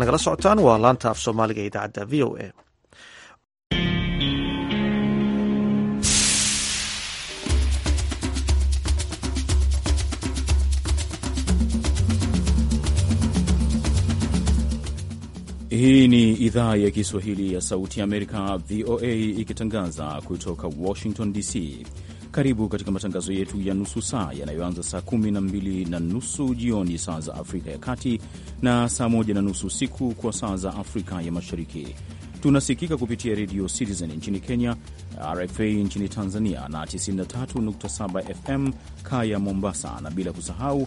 nagala socotaan waa laanta af soomaaliga ee idaacadda v o a Hii ni idhaa ya Kiswahili ya Sauti ya Amerika, VOA, ikitangaza kutoka Washington DC. Karibu katika matangazo yetu ya nusu saa yanayoanza saa kumi na mbili na nusu jioni saa za Afrika ya Kati na saa moja na nusu usiku kwa saa za Afrika ya Mashariki. Tunasikika kupitia redio Citizen nchini Kenya, RFA nchini Tanzania na 93.7 FM kaya Mombasa, na bila kusahau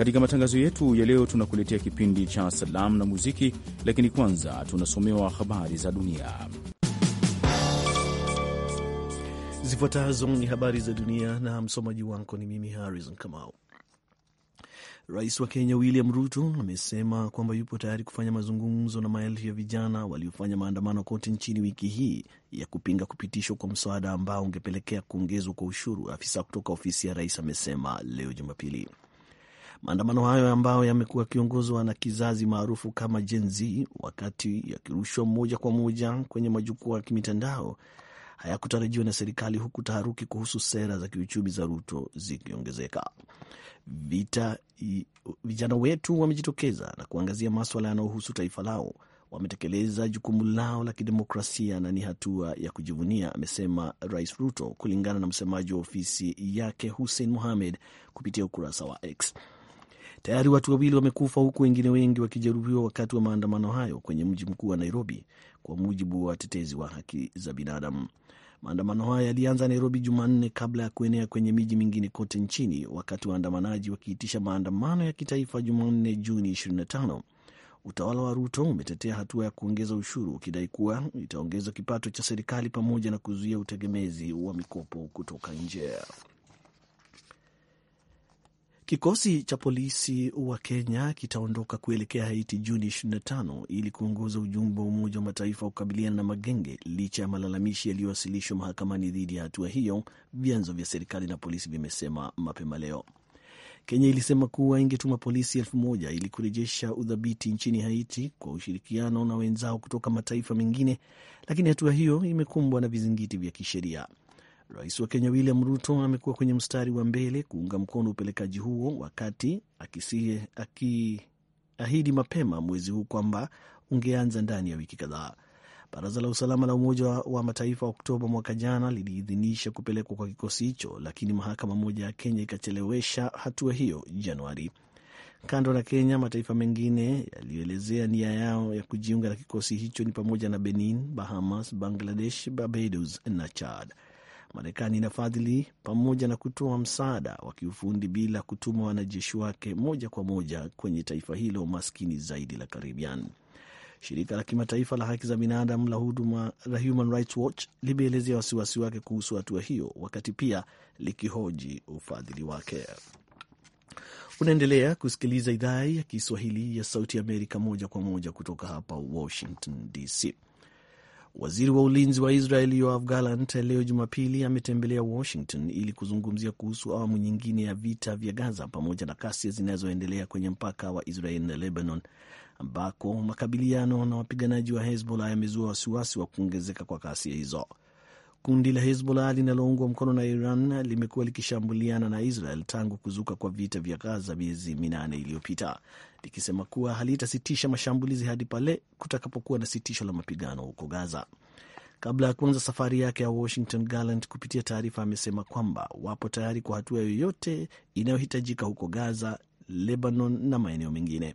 Katika matangazo yetu ya leo, tunakuletea kipindi cha salamu na muziki, lakini kwanza tunasomewa habari za dunia. Zifuatazo ni habari za dunia na msomaji wako ni mimi Harrison Kamau. Rais wa Kenya William Ruto amesema kwamba yupo tayari kufanya mazungumzo na maelfu ya vijana waliofanya maandamano kote nchini wiki hii ya kupinga kupitishwa kwa mswada ambao ungepelekea kuongezwa kwa ushuru. Afisa kutoka ofisi ya rais amesema leo Jumapili. Maandamano hayo ambayo yamekuwa yakiongozwa na kizazi maarufu kama Gen Z, wakati yakirushwa moja kwa moja kwenye majukwaa ya kimitandao, hayakutarajiwa na serikali, huku taharuki kuhusu sera za kiuchumi za Ruto zikiongezeka. Vita vijana wetu wamejitokeza na kuangazia maswala yanayohusu taifa lao. Wametekeleza jukumu lao la kidemokrasia na ni hatua ya kujivunia, amesema Rais Ruto, kulingana na msemaji wa ofisi yake Hussein Mohamed kupitia ukurasa wa X. Tayari watu wawili wamekufa huku wengine wengi wakijeruhiwa wakati wa maandamano hayo kwenye mji mkuu wa Nairobi, kwa mujibu wa watetezi wa haki za binadamu. Maandamano hayo yalianza Nairobi Jumanne kabla ya kuenea kwenye miji mingine kote nchini, wakati waandamanaji wakiitisha maandamano ya kitaifa Jumanne, Juni 25. Utawala wa Ruto umetetea hatua ya kuongeza ushuru ukidai kuwa itaongeza kipato cha serikali pamoja na kuzuia utegemezi wa mikopo kutoka nje. Kikosi cha polisi wa Kenya kitaondoka kuelekea Haiti Juni 25 ili kuongoza ujumbe wa Umoja wa Mataifa wa kukabiliana na magenge, licha ya malalamishi yaliyowasilishwa mahakamani dhidi ya hatua hiyo, vyanzo vya serikali na polisi vimesema mapema leo. Kenya ilisema kuwa ingetuma polisi elfu moja ili kurejesha udhabiti nchini Haiti kwa ushirikiano na wenzao kutoka mataifa mengine, lakini hatua hiyo imekumbwa na vizingiti vya kisheria. Rais wa Kenya William Ruto amekuwa kwenye mstari wa mbele kuunga mkono upelekaji huo, wakati akiahidi mapema mwezi huu kwamba ungeanza ndani ya wiki kadhaa. Baraza la usalama la Umoja wa Mataifa Oktoba mwaka jana liliidhinisha kupelekwa kwa kikosi hicho, lakini mahakama moja ya Kenya ikachelewesha hatua hiyo Januari. Kando na Kenya, mataifa mengine yaliyoelezea nia yao ya kujiunga na kikosi hicho ni pamoja na Benin, Bahamas, Bangladesh, Barbados na Chad. Marekani inafadhili pamoja na kutoa msaada wa kiufundi bila kutuma wanajeshi wake moja kwa moja kwenye taifa hilo maskini zaidi la karibian Shirika la kimataifa la haki za binadamu la huduma la Human Rights Watch limeelezea wasiwasi wake kuhusu hatua hiyo, wakati pia likihoji ufadhili wake. Unaendelea kusikiliza idhaa ya Kiswahili ya Sauti Amerika moja kwa moja kutoka hapa Washington DC. Waziri wa ulinzi wa Israel Yoav Gallant leo Jumapili ametembelea Washington ili kuzungumzia kuhusu awamu nyingine ya vita vya Gaza pamoja na kasi zinazoendelea kwenye mpaka wa Israel na Lebanon, ambako makabiliano na wapiganaji wa Hezbollah yamezua wasiwasi wa kuongezeka kwa kasi hizo. Kundi la Hezbollah linaloungwa mkono na Iran limekuwa likishambuliana na Israel tangu kuzuka kwa vita vya Gaza miezi minane iliyopita, likisema kuwa halitasitisha mashambulizi hadi pale kutakapokuwa na sitisho la mapigano huko Gaza. Kabla ya kuanza safari yake ya Washington, Garland kupitia taarifa amesema kwamba wapo tayari kwa hatua yoyote inayohitajika huko Gaza, Lebanon na maeneo mengine.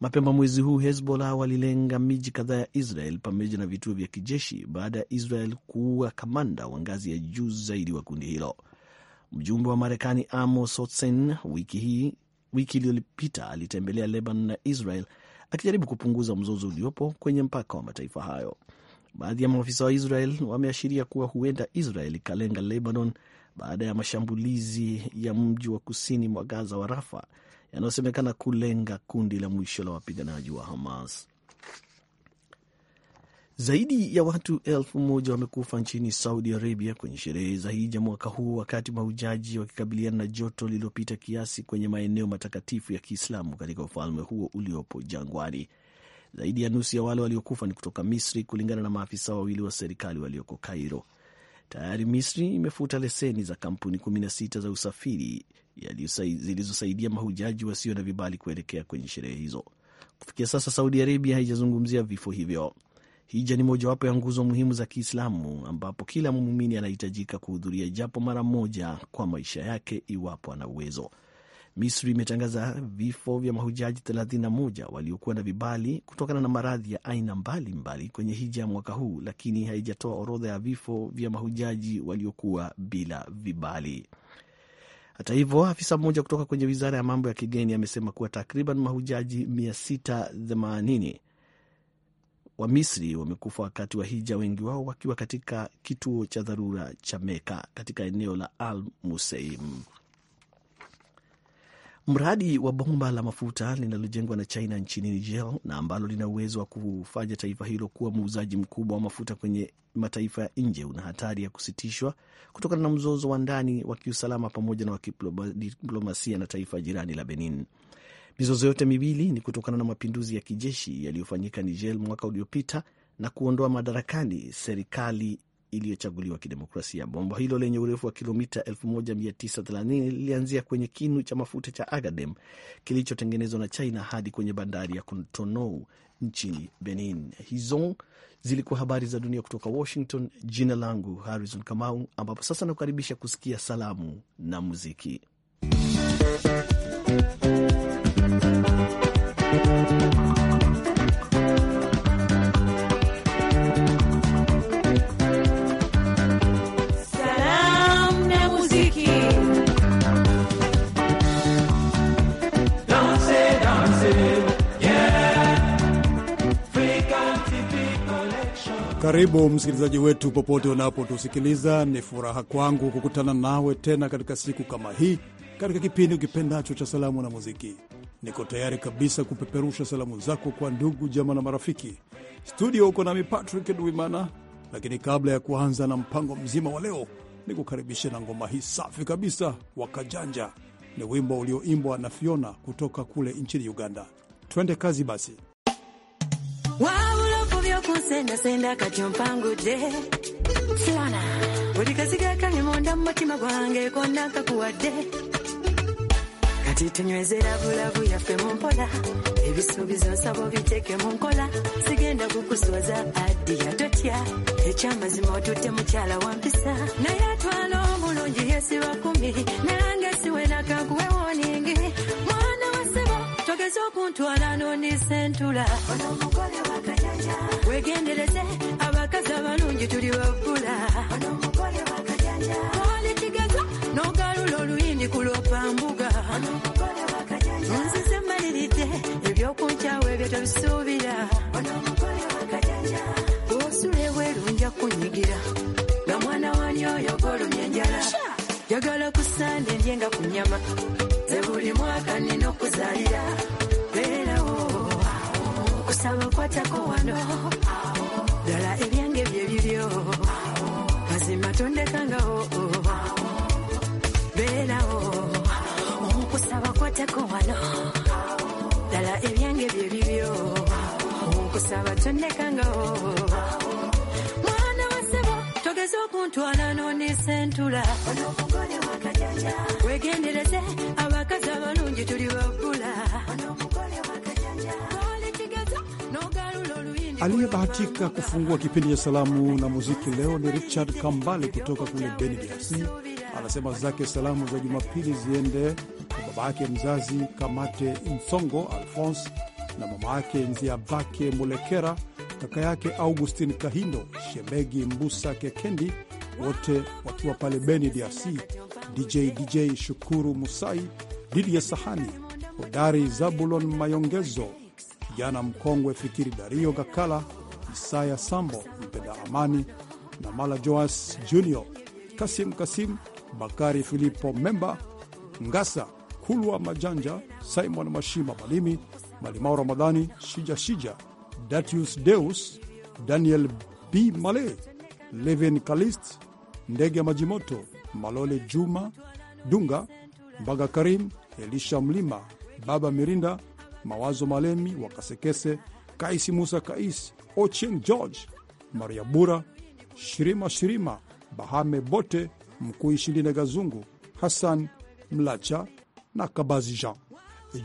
Mapema mwezi huu Hezbollah walilenga miji kadhaa ya Israel pamoja na vituo vya kijeshi baada ya Israel kuua kamanda wa ngazi ya juu zaidi wa kundi hilo. Mjumbe wa Marekani Amos hotsen wiki hii wiki iliyopita alitembelea Lebanon na Israel akijaribu kupunguza mzozo uliopo kwenye mpaka wa mataifa hayo. Baadhi ya maafisa wa Israel wameashiria kuwa huenda Israel ikalenga Lebanon baada ya mashambulizi ya mji wa kusini mwa Gaza wa Rafa yanayosemekana kulenga kundi la mwisho la wapiganaji wa Hamas. Zaidi ya watu elfu moja wamekufa nchini Saudi Arabia kwenye sherehe za hija mwaka huu, wakati mahujaji wakikabiliana na joto lililopita kiasi kwenye maeneo matakatifu ya Kiislamu katika ufalme huo uliopo jangwani. Zaidi ya nusu ya wale waliokufa ni kutoka Misri, kulingana na maafisa wawili wa serikali walioko Kairo. Tayari Misri imefuta leseni za kampuni 16 za usafiri zilizosaidia mahujaji wasio na vibali kuelekea kwenye sherehe hizo. Kufikia sasa, Saudi Arabia haijazungumzia vifo hivyo. Hija ni mojawapo ya nguzo muhimu za Kiislamu ambapo kila muumini anahitajika kuhudhuria japo mara moja kwa maisha yake iwapo ana uwezo. Misri imetangaza vifo vya mahujaji 31 waliokuwa na vibali kutokana na maradhi ya aina mbalimbali mbali kwenye hija ya mwaka huu, lakini haijatoa orodha ya vifo vya mahujaji waliokuwa bila vibali. Hata hivyo, afisa mmoja kutoka kwenye wizara ya mambo ya kigeni amesema kuwa takriban mahujaji 680 wa Misri wamekufa wakati wa hija, wengi wao wakiwa katika kituo cha dharura cha Meka katika eneo la Al Museim. Mradi wa bomba la mafuta linalojengwa na China nchini Niger na ambalo lina uwezo wa kufanya taifa hilo kuwa muuzaji mkubwa wa mafuta kwenye mataifa ya nje una hatari ya kusitishwa kutokana na mzozo wa ndani wa kiusalama pamoja na wa kidiplomasia na taifa jirani la Benin. Mizozo yote miwili ni kutokana na mapinduzi ya kijeshi yaliyofanyika Niger mwaka uliopita na kuondoa madarakani serikali iliyochaguliwa kidemokrasia. Bomba hilo lenye urefu wa kilomita 1930 lilianzia kwenye kinu cha mafuta cha Agadem kilichotengenezwa na China hadi kwenye bandari ya Cotonou nchini Benin. Hizo zilikuwa habari za dunia kutoka Washington. Jina langu Harrison Kamau, ambapo sasa nakukaribisha kusikia salamu na muziki. Karibu msikilizaji wetu popote unapotusikiliza. Ni furaha kwangu kukutana nawe tena katika siku kama hii, katika kipindi ukipendacho cha salamu na muziki. Niko tayari kabisa kupeperusha salamu zako kwa ndugu, jamaa na marafiki. Studio uko nami Patrick Ndwimana, lakini kabla ya kuanza na mpango mzima wa leo, nikukaribishe na ngoma hii safi kabisa, Wakajanja. Ni wimbo ulioimbwa na Fiona kutoka kule nchini Uganda. Twende kazi basi. wabulofu byokunsendasenda kati ompangudde flana buli kasiga kange munda mu mutima gwange konna nkakuwadde kati tunywezera bulabu yaffe mu mpola ebisuubizo nsabo biteeke mu nkola sigenda kukuswaza adiya totya ekyamazima otutte mukyala wampisa naye atwala omulungi yesiba kumi nange siwe nakankuwe woningi mwana wa sebo togeza okuntwala noni sentula ono mukole bangi tuli bavula olikigezo nogalula oluyindi kulopa mbuga nzize maliridde ebyokunkyawo ebyo tobisuubira osula ebwerunja kunyigira nga mwana wani oyo golumya enjala jagala kusande ndyenga ku nyama zebuli mwaka nina okuzalira beerawo kusaba kwatako wano kwetako wano ebyange bye bibyo nkusaba mwana togeza okuntwala wegendereze abakazi abalungi tuli Aliyebahatika kufungua kipindi cha salamu na muziki leo ni Richard Kambale kutoka kule Beni, DRC. Anasema zake salamu za Jumapili ziende baba yake mzazi Kamate Nsongo Alphonse na mama yake bake Mulekera, kaka yake Augustin Kahindo, shemegi Mbusa Kekendi, wote wakiwa pale Beni, DRC. DJ DJ Shukuru Musai, Didi ya Sahani, Hodari Zabulon Mayongezo, kijana mkongwe Fikiri Dario Gakala, Isaya Sambo Mpenda Amani na Mala Joas Junior, Kasim Kasim Bakari Filipo Memba Ngasa Kulwa Majanja, Simon Mashima Malimi, Malimao Ramadhani, Shija Shija, Datius Deus, Daniel B Male, Levin Kalist, Ndege Majimoto, Malole Juma Dunga, Mbaga Karim, Elisha Mlima, Baba Mirinda, Mawazo Malemi wa Kasekese, Kaisi Musa kais Ochieng George, Maria Bura, Shirima Shirima, Bahame Bote, Mkuu Shilinde Gazungu, Hassan Mlacha na Kabazi Jean.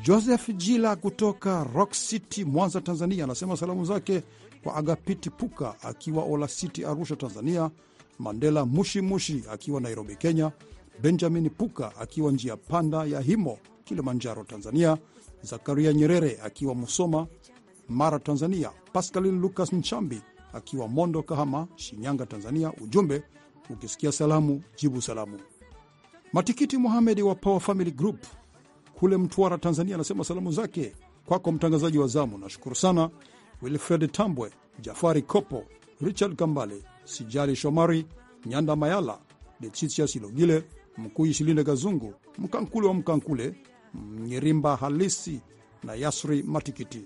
Joseph Jila kutoka Rock City, Mwanza, Tanzania, anasema salamu zake kwa Agapiti Puka akiwa Ola City, Arusha, Tanzania, Mandela Mushimushi Mushi akiwa Nairobi, Kenya, Benjamin Puka akiwa njia panda ya Himo, Kilimanjaro, Tanzania, Zakaria Nyerere akiwa Musoma, Mara, Tanzania, Pascalin Lucas Nchambi akiwa Mondo, Kahama, Shinyanga, Tanzania. Ujumbe, ukisikia salamu jibu salamu. Matikiti muhamed wa Power Family Group kule Mtwara, Tanzania, anasema salamu zake kwako mtangazaji wa zamu. Nashukuru sana Wilfred Tambwe, Jafari Kopo, Richard Kambale, Sijali Shomari, Nyanda Mayala, Leticia Silogile, Mkuu Ishilinde Gazungu, Mkankule wa Mkankule, mnyirimba Halisi na Yasri Matikiti.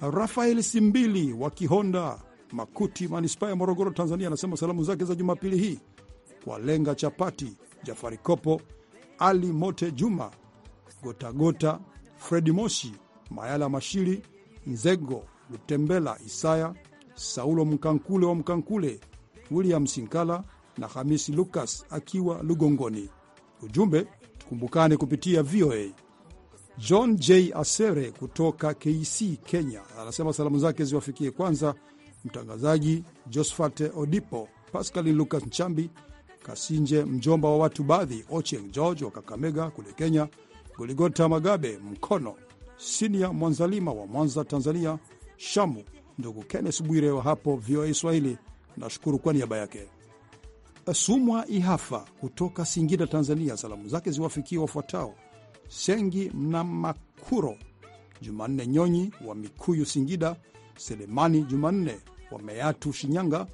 Rafael Simbili wa Kihonda Makuti, manispaa ya Morogoro, Tanzania, anasema salamu zake za Jumapili hii kwa Lenga Chapati, Jafari Kopo, Ali Mote Juma, Gotagota, Fredi Moshi, Mayala Mashiri, Nzego Lutembela, Isaya Saulo Mkankule wa Mkankule, William Sinkala na Hamisi Lukas akiwa Lugongoni. Ujumbe, tukumbukane kupitia VOA. John J Asere kutoka KC Kenya anasema salamu zake ziwafikie kwanza mtangazaji josfate Odipo, Pascalin Lucas Nchambi Kasinje, mjomba wa watu baadhi, Ochieng George wa Kakamega kule Kenya, Goligota Magabe Mkono, Sinia Mwanzalima wa Mwanza, Tanzania, Shamu, ndugu Kenneth Bwire wa hapo VOA Swahili, nashukuru kwa niaba yake. Sumwa Ihafa kutoka Singida, Tanzania, salamu zake ziwafikie wafuatao: Sengi Mnamakuro, Jumanne Nyonyi wa Mikuyu, Singida, Selemani Jumanne wa Meatu, Shinyanga,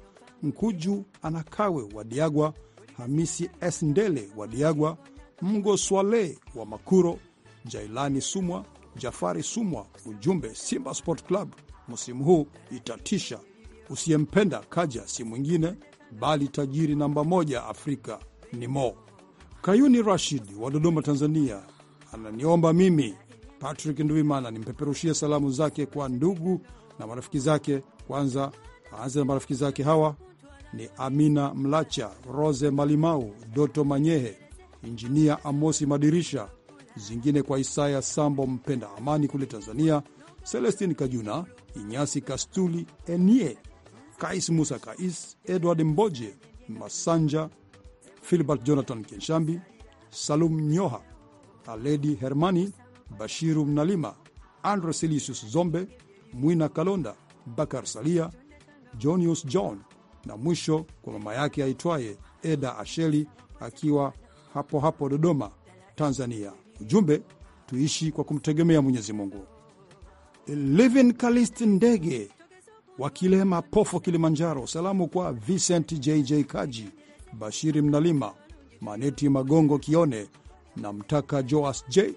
Mkuju Anakawe wa Diagwa, Hamisi S Ndele wa Diagwa, Mgo Swale wa Makuro, Jailani Sumwa, Jafari Sumwa. Ujumbe, Simba Sport Club msimu huu itatisha. Usiyempenda Kaja si mwingine bali tajiri namba moja Afrika ni Mo Kayuni Rashid wa Dodoma, Tanzania, ananiomba mimi Patrick Nduimana nimpeperushie salamu zake kwa ndugu na marafiki zake. Kwanza aanze na marafiki zake hawa ni Amina Mlacha, Rose Malimau, Doto Manyehe, Injinia Amosi Madirisha, zingine kwa Isaya Sambo, Mpenda Amani kule Tanzania, Celestin Kajuna, Inyasi Kastuli, Enie Kais, Musa Kais, Edward Mboje Masanja, Filbert Jonathan Kenshambi, Salum Nyoha, Aledi Hermani, Bashiru Mnalima, Andre Silisius Zombe, Mwina Kalonda, Bakar Salia, Jonius John na mwisho kwa mama yake aitwaye Eda Asheli akiwa hapo hapo Dodoma, Tanzania. Ujumbe, tuishi kwa kumtegemea Mwenyezi Mungu. Livin Kalist Ndege wa Kilema Pofo, Kilimanjaro. Salamu kwa Vincent JJ Kaji, Bashiri Mnalima, Maneti Magongo Kione na Mtaka Joas J,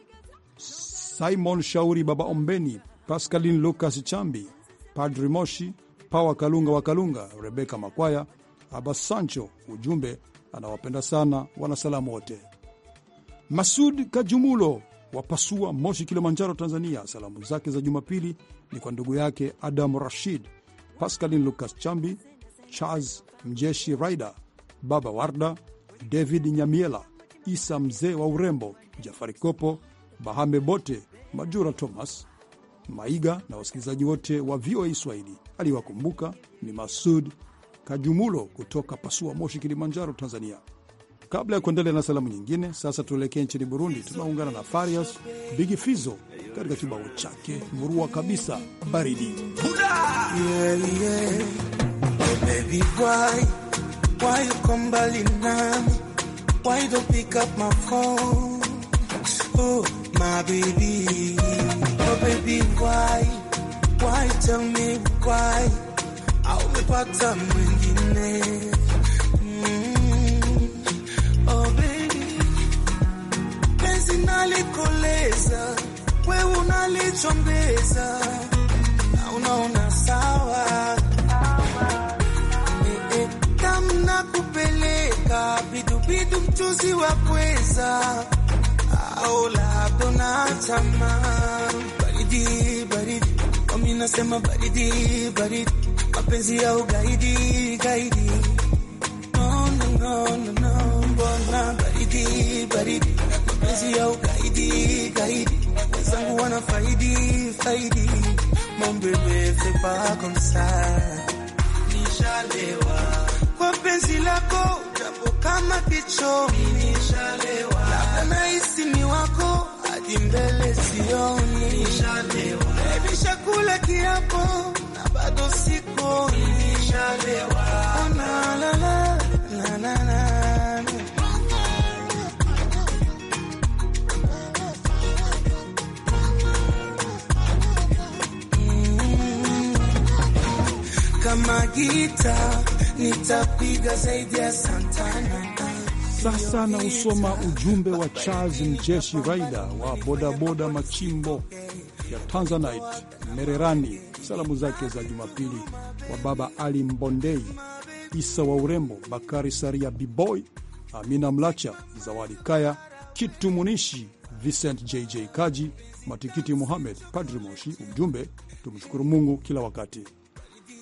Simon Shauri, Baba Ombeni, Pascaline Lucas Chambi, Padri Moshi Pawa Kalunga wa Kalunga, Rebeka Makwaya, Aba Sancho. Ujumbe anawapenda sana wanasalamu wote. Masud Kajumulo wapasua Moshi, Kilimanjaro, Tanzania, salamu zake za Jumapili ni kwa ndugu yake Adam Rashid, Pascalin Lucas Chambi, Charles Mjeshi, Raida Baba Warda, David Nyamiela, Isa mzee wa urembo, Jafari Kopo, Bahame Bote, Majura Thomas Maiga na wasikilizaji wote wa VOA Swahili aliwakumbuka ni Masud Kajumulo kutoka Pasua Moshi, Kilimanjaro, Tanzania. Kabla ya kuendelea na salamu nyingine, sasa tuelekee nchini Burundi. Tunaungana na Farias Bigifizo katika kibao chake murua kabisa, baridi yeah, yeah. Baby, why? Why mbali nami? Why don't pick up my phone? Oh, my baby. Oh, baby, why? why, tell me why, au umepata mwingine? Mm. Oh baby, penzi nalikoleza, wewe unalichombeza na unaona sawa kamna eh, eh. kupeleka bidubidu mchuzi wa pweza au ah, la, na tamaa baridi nasema baridi baridi, mapenzi ya ugaidi gaidi, no no no no no, mbona baridi baridi, mapenzi ya ugaidi gaidi, wenzangu wana faidi faidi, mon bebe fais pas comme ça, nishalewa kwa penzi lako, japo kama kichomi, nishalewa labda nahisi ni wako sharti mbele sioni, nimesha kiapo na bado sikoni, mm. kama gita nitapiga zaidi ya sana sasa na usoma ujumbe wa Charles Mjeshi Raida wa bodaboda machimbo ya Tanzanite Mererani, salamu zake za Jumapili kwa baba Ali Mbondei, Isa wa urembo, Bakari Saria, Biboy Amina Mlacha, Zawadi Kaya, Kitu Munishi, Vincent JJ Kaji, Matikiti muhamed Padri Moshi. Ujumbe, tumshukuru Mungu kila wakati.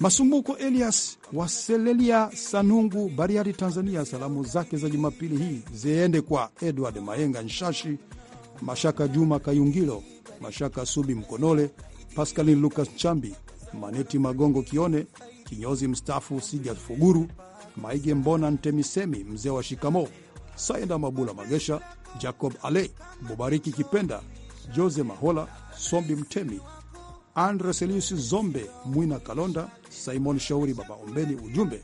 Masumbuko Elias waselelia Sanungu, Bariadi, Tanzania, salamu zake za Jumapili hii ziende kwa Edward Mayenga Nshashi, Mashaka Juma Kayungilo, Mashaka Subi Mkonole, Pascalin Lukas Chambi, Maneti Magongo Kione, kinyozi mstaafu Siga Fuguru, Maige Mbona Ntemisemi, mzee wa shikamo, Saenda Mabula Magesha, Jacob Ale, Mubariki Kipenda, Jose Mahola, Sombi Mtemi, Andre Seliusi Zombe, Mwina Kalonda Simon Shauri, Baba Ombeni, ujumbe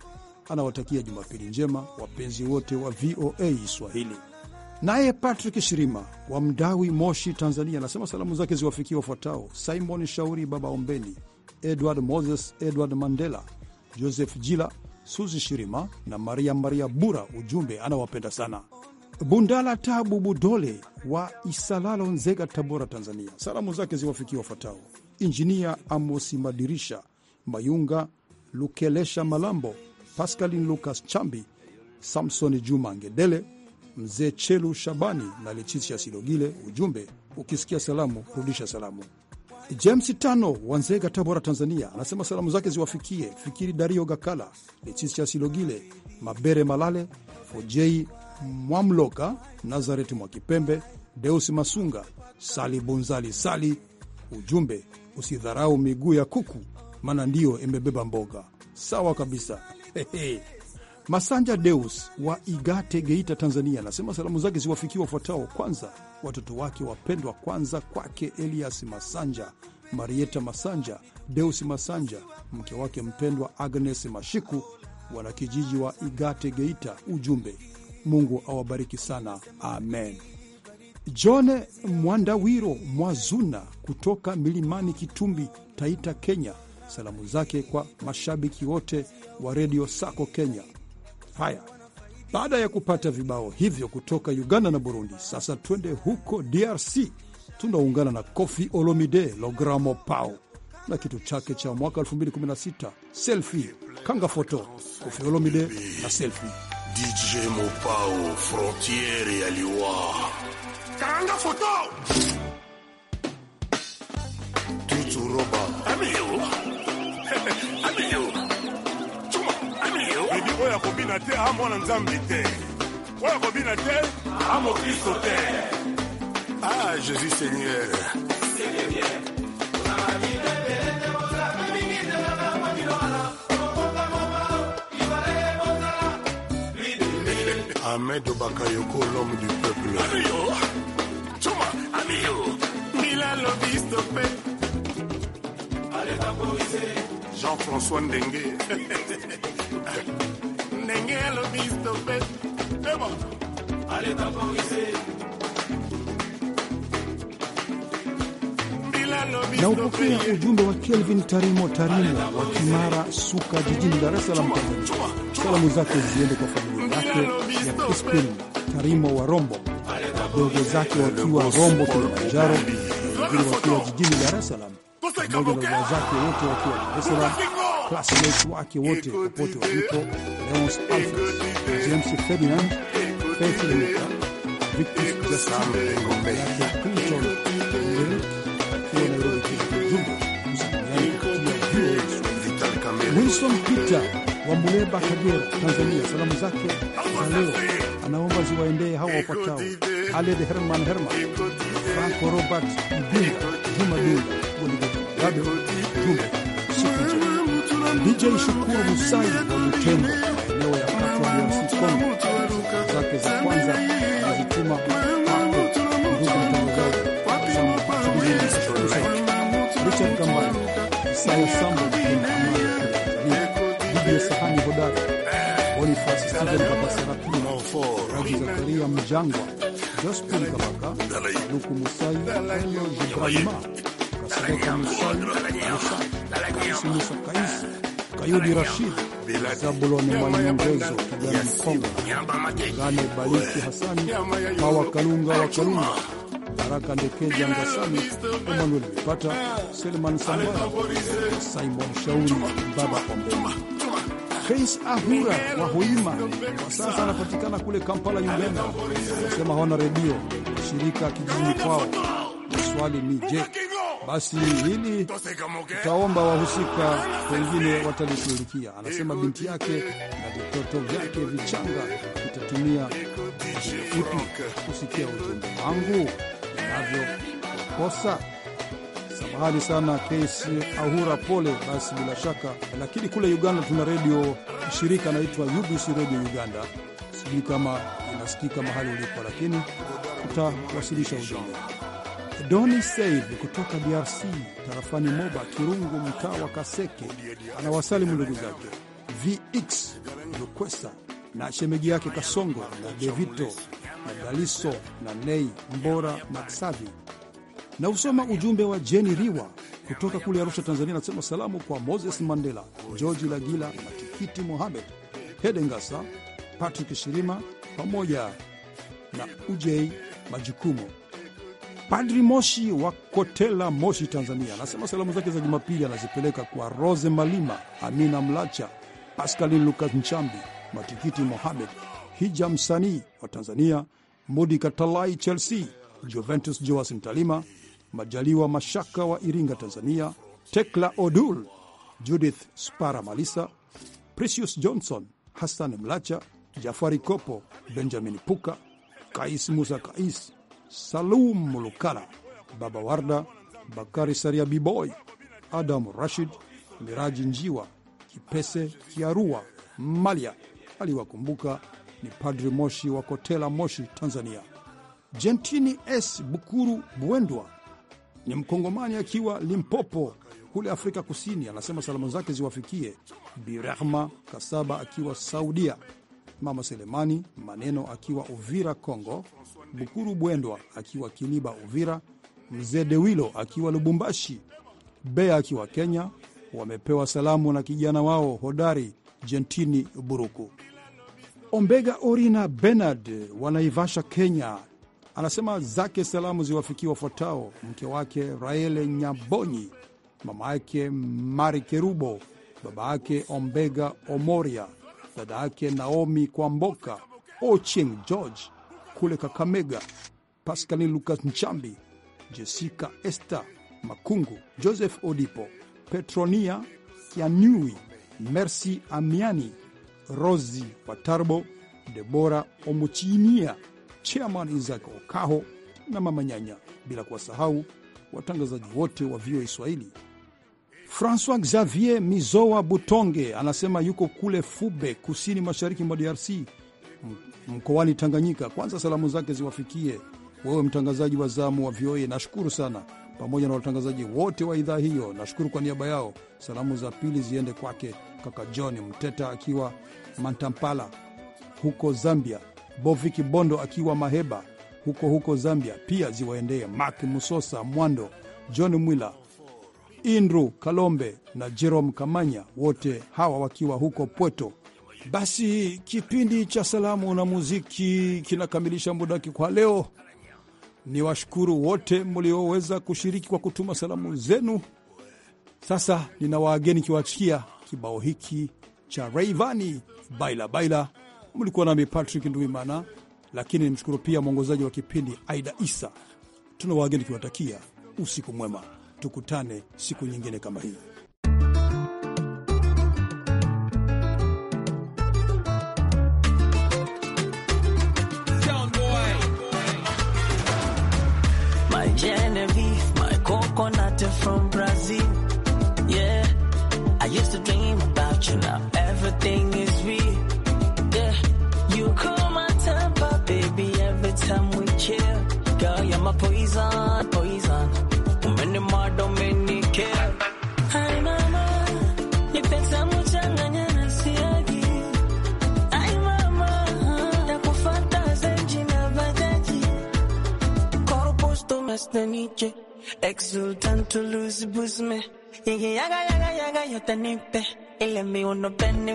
anawatakia Jumapili njema wapenzi wote wa VOA Swahili. Naye Patrick Shirima wa Mdawi, Moshi, Tanzania, anasema salamu zake ziwafikie wafuatao: Simon Shauri, Baba Ombeni, Edward Moses, Edward Mandela, Joseph Jila, Suzi Shirima na Maria Maria Bura. Ujumbe anawapenda sana. Bundala Tabu Budole wa Isalalo, Nzega, Tabora, Tanzania, salamu zake ziwafikie wafuatao: Injinia Amosi Madirisha, Mayunga Lukelesha Malambo, Pascalin Lucas Chambi, Samsoni Juma Ngedele, Mzee Chelu Shabani na Leticia Silogile. Ujumbe, ukisikia salamu rudisha salamu. James Tano Wanzega, Tabora, Tanzania, anasema salamu zake ziwafikie Fikiri Dario Gakala, Leticia Silogile, Mabere Malale, Fojei Mwamloka, Nazareti Mwakipembe, deus Masunga, Sali Bunzali Sali. Ujumbe, usidharau miguu ya kuku maana ndiyo imebeba mboga. Sawa kabisa. Masanja Deus wa Igate, Geita, Tanzania, anasema salamu zake ziwafikiwa wafuatao: kwanza, watoto wake wapendwa, kwanza kwake Elias Masanja, Marieta Masanja, Deus Masanja, mke wake mpendwa Agnes Mashiku, wanakijiji wa Igate, Geita. Ujumbe, Mungu awabariki sana, amen. John Mwandawiro Mwazuna kutoka Milimani Kitumbi, Taita, Kenya Salamu zake kwa mashabiki wote wa redio Sako Kenya. Haya, baada ya kupata vibao hivyo kutoka Uganda na Burundi, sasa twende huko DRC. Tunaungana na Kofi Olomide Logramo Pao na kitu chake cha mwaka 2016 Selfie kanga foto. Kofi Olomide na Selfie, DJ Mopao Frontiere kanga foto tuturoba eli oyo akobina te a nzambe te oyo te te ah jésus seigneur Ahmed Obakayoko, l'homme du peuple. Amio, Chuma, Amio, Mila Allez, Jean-François Ndenge Ndenge de Topet, c'est bon. Allez temporiser. na upokea ujumbe wa Kelvin Tarimo Tarimo wa Kimara Suka jijini Dar es Salaam, Tanzania. Salamu zake ziende kwa familia yake ya Crispin Tarimo wa Rombo, wadogo zake wakiwa Rombo Kilimanjaro, wengine wakiwa jijini Dar es Salaam pamoja na wenzake wote wakiwa Dar es Salaam, classmates wake wote popote walipo, Leonce Alfred, James Ferdinand, Faith Luka, Victus Jasaro, yake Clinton Mlek akiwa Nairobi, Kenya, Jumba msamaniani kupitia VOA Swahili. Wilson Peter wa Muleba, Kagera, Tanzania, salamu zake za leo anaomba ziwaendee hawa wapatao: Aled Herman Herman, Franco Robert Mbinga, Juma Dunga Shabe Tume Sikuja, DJ Shukuru Musai wa Butembo, maeneo ya Katoriasi Kongo, zake za kwanza nazituma Richard Kambale, Isaya Sambo, Bibi Sahani Hodari, Bonifasi Steven Babasarapia, Rabi Zakaria Mjangwa, Jospin Kabaka, Luku Musai, Olo Jibrahima kutoka Misali, Musa Kaisi, Kayudi Rashid, Zabuloni Mwanamngezo, kijana Mkonga, Gane Baliki Hasani, Kawa Kalunga wa Kalunga, Baraka Ndekeja Ngasani, Emanuel Pata, Selman Sambara, Simon Shauri, Baba Ombe Kais Ahura wa Hoima kwa sasa anapatikana kule Kampala, Uganda. Anasema hawana redio shirika kijijini kwao. Swali ni je, basi hili tutaomba wahusika wengine watalishughulikia, anasema binti yake na vitoto vyake vichanga vitatumia ipi kusikia ujumbe wangu inavyokosa. Samahani sana kesi ahura, pole. Basi bila shaka, lakini kule Uganda tuna redio shirika anaitwa UBC redio Uganda, sijui kama inasikika mahali ulipo, lakini tutawasilisha ujumbe Doni Save kutoka DRC tarafani Moba Kirungu, mtaa wa Kaseke, anawasalimu ndugu zake Vx Lukwesa na shemeji yake Kasongo na Devito na Daliso na Nei Mbora Maksavi. Na usoma ujumbe wa Jeni Riwa kutoka kule Arusha, Tanzania, anasema salamu kwa Moses Mandela, georgi Lagila na Tikiti Mohamed Hedengasa, Patrick Shirima pamoja na Ujei Majukumo. Padri Moshi wa Kotela, Moshi, Tanzania, anasema salamu zake za Jumapili anazipeleka kwa Rose Malima, Amina Mlacha, Paskalin Lukas Nchambi, Matikiti Mohamed, Hija msanii wa Tanzania, Mudi Katalai, Chelsea, Juventus Joas Mtalima, Majaliwa Mashaka wa Iringa, Tanzania, Tekla Odul, Judith Spara Malisa, Precious Johnson, Hassan Mlacha, Jafari Kopo, Benjamin Puka, Kais Musa Kais, Salum Mulukala, Baba Warda, Bakari Saria, Biboy Adamu Rashid, Miraji Njiwa, Kipese Kiarua Malia aliwakumbuka ni Padri Moshi wa Kotela, Moshi, Tanzania. Jentini S Bukuru Bwendwa ni Mkongomani akiwa Limpopo kule Afrika Kusini, anasema salamu zake ziwafikie Birahma Kasaba akiwa Saudia, Mama Selemani Maneno akiwa Uvira, Kongo, Bukuru Bwendwa akiwa Kiliba, Uvira, Mzee Dewilo akiwa Lubumbashi, Bea akiwa Kenya wamepewa salamu na kijana wao hodari Jentini Buruku. Ombega Orina Benard wanaivasha Kenya anasema zake salamu ziwafikie wafuatao: mke wake Raele Nyabonyi, mama yake Mari Kerubo, baba yake Ombega Omoria dada yake Naomi Kwamboka, Ochieng George kule Kakamega, Pascalin Lucas Nchambi, Jessica Esther Makungu, Joseph Odipo, Petronia kianui Mercy Amiani, Rosi Watarbo, Debora Omuchinia, Chairman Isaac Okaho na Mama Nyanya, bila kuwasahau watangazaji wote wa VOA Swahili Francois Xavier Mizoa Butonge anasema yuko kule Fube, kusini mashariki mwa DRC, mkoani Tanganyika. Kwanza salamu zake ziwafikie wewe mtangazaji wa zamu wa VOA, nashukuru sana, pamoja na watangazaji wote wa idhaa hiyo, nashukuru kwa niaba yao. Salamu za pili ziende kwake kaka John Mteta akiwa Mantampala huko Zambia, Boviki Bondo akiwa Maheba huko huko Zambia, pia ziwaendee Mak Musosa Mwando, John Mwila Indru Kalombe na Jerome Kamanya, wote hawa wakiwa huko Pweto. Basi kipindi cha salamu na muziki kinakamilisha muda wake kwa leo. Ni washukuru wote mlioweza kushiriki kwa kutuma salamu zenu. Sasa nina waageni kiwachikia kibao hiki cha Rayvanny baila baila. Mlikuwa nami Patrick Nduimana, lakini nimshukuru pia mwongozaji wa kipindi Aida Isa. Tuna waageni kiwatakia usiku mwema. Tukutane siku nyingine kama hii. de Nietzsche, exultan tu luz, busme. Llegué, haga, haga, haga, yo te nipe. Y le envío no penny,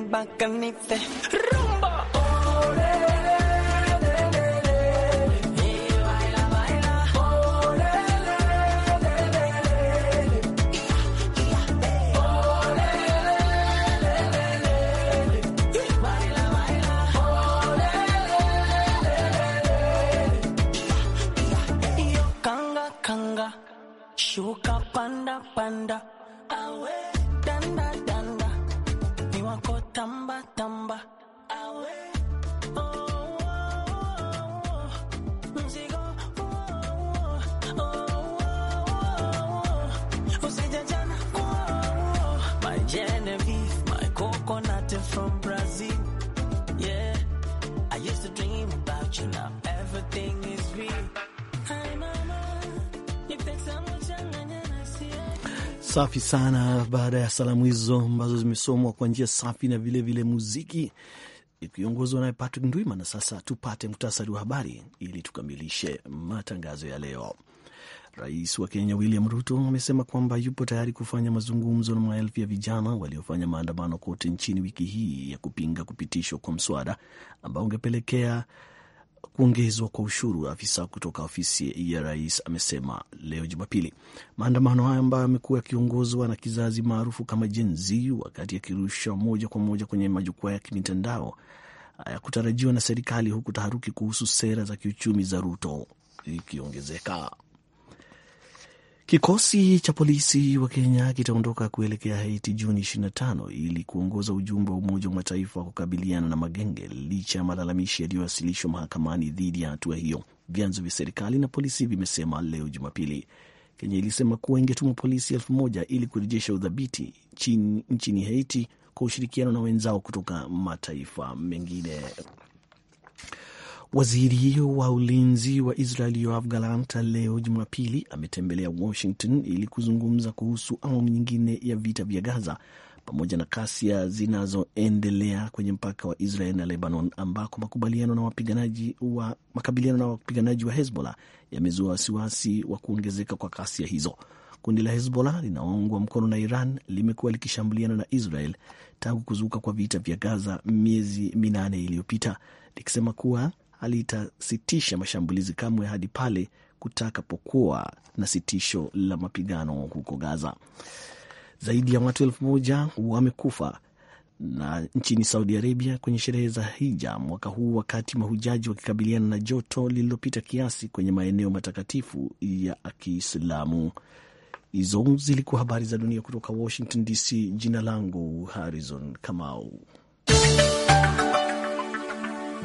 Safi sana. Baada ya salamu hizo ambazo zimesomwa kwa njia safi na vilevile vile muziki ikiongozwa naye Patrick Ndwima, na sasa tupate muhtasari wa habari ili tukamilishe matangazo ya leo. Rais wa Kenya William Ruto amesema kwamba yupo tayari kufanya mazungumzo na maelfu ya vijana waliofanya maandamano kote nchini wiki hii ya kupinga kupitishwa kwa mswada ambao ungepelekea kuongezwa kwa ushuru afisa kutoka ofisi ya rais amesema leo Jumapili. Maandamano hayo ambayo yamekuwa yakiongozwa na kizazi maarufu kama Gen Z, wakati yakirusha moja kwa moja kwenye majukwaa ya kimitandao kutarajiwa na serikali, huku taharuki kuhusu sera za kiuchumi za Ruto ikiongezeka. Kikosi cha polisi wa Kenya kitaondoka kuelekea Haiti Juni 25 ili kuongoza ujumbe wa Umoja wa Mataifa wa kukabiliana na magenge, licha ya malalamishi yaliyowasilishwa mahakamani dhidi ya hatua hiyo, vyanzo vya serikali na polisi vimesema leo Jumapili. Kenya ilisema kuwa ingetuma polisi elfu moja ili kurejesha udhabiti nchini Haiti kwa ushirikiano na wenzao kutoka mataifa mengine. Waziri wa ulinzi wa Israel Yoav Galanta leo Jumapili ametembelea Washington ili kuzungumza kuhusu awamu nyingine ya vita vya Gaza pamoja na kasia zinazoendelea kwenye mpaka wa Israel na Lebanon ambako makubaliano na wapiganaji wa makabiliano na wapiganaji wa Hezbollah yamezua wasiwasi wa kuongezeka kwa kasia hizo. Kundi la Hezbollah linaoungwa mkono na Iran limekuwa likishambuliana na Israel tangu kuzuka kwa vita vya Gaza miezi minane iliyopita likisema kuwa alitasitisha mashambulizi kamwe hadi pale kutakapokuwa na sitisho la mapigano huko Gaza. Zaidi ya watu elfu moja wamekufa na nchini Saudi Arabia kwenye sherehe za Hija mwaka huu, wakati mahujaji wakikabiliana na joto lililopita kiasi kwenye maeneo matakatifu ya Kiislamu. Hizo zilikuwa habari za dunia kutoka Washington DC. Jina langu Harrison Kamau.